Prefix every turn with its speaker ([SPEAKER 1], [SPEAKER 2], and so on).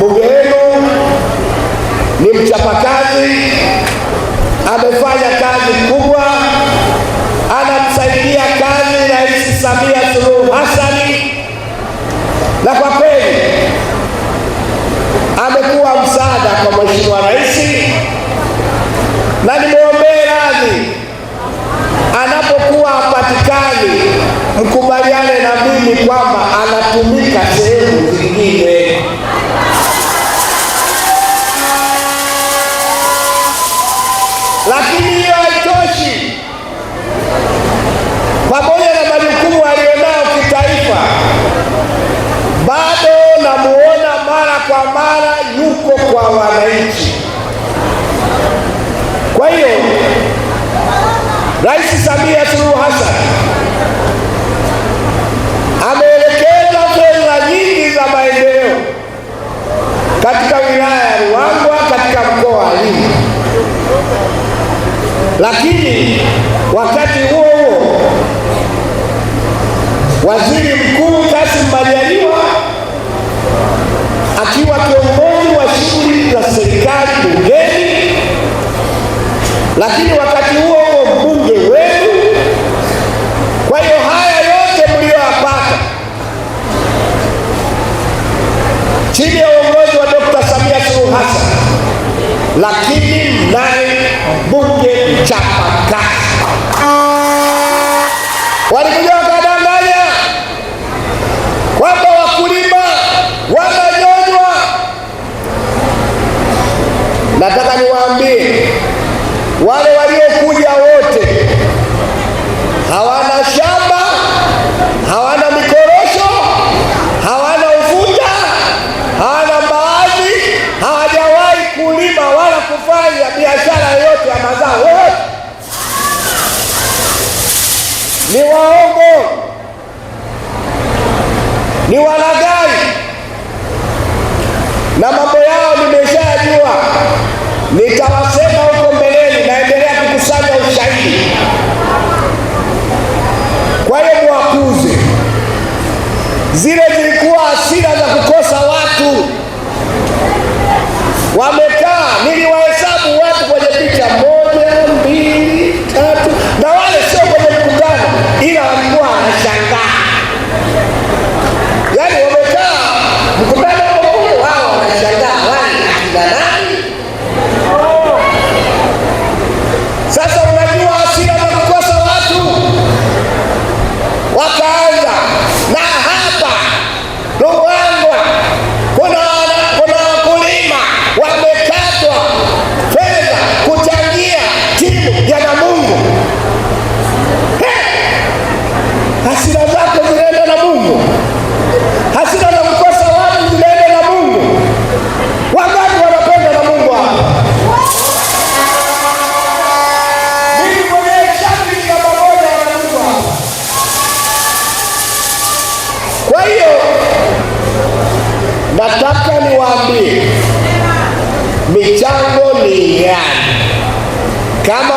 [SPEAKER 1] Mbunge wenu ni mchapakazi, amefanya kazi kubwa, anamsaidia kazi Rais Samia Suluhu Hassan, na kwa kweli amekuwa msaada kwa Mheshimiwa Rais, na nimeombea radhi anapokuwa hapatikani, mkubaliane na mimi kwamba anatumika sehemu zingine. Samia Suluhu Hassan ameelekeza fedha nyingi za maendeleo katika wilaya ya Ruangwa, katika mkoa wa Lindi, lakini wakati huo huo waziri mkuu Kassim Majaliwa akiwa kiongozi wa shughuli za serikali bungeni, lakini wakati huo lakini mnaye mbunge mchapakazi. Walikuja wakadanganya kwamba wakulima wananyonywa. Nataka ni kufanya biashara yoyote ya mazao yoyote ni waongo, ni walaghai, na mambo yao nimeshajua, nitawasema huko mbeleni. Naendelea kukusanya ushahidi. Kwa hiyo mwakuze, zile zilikuwa hasira za kukosa watu wame টাকা Kwa hiyo nataka niwaambie michango ni gani kama